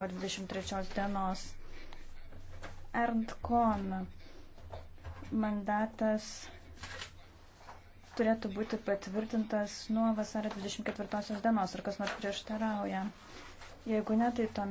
23 dienos. Ernd Kon mandatas turėtų būti patvirtintas nuo vasario 24 dienos. Ar kas nors prieštarauja? Jeigu ne, tai tuomet.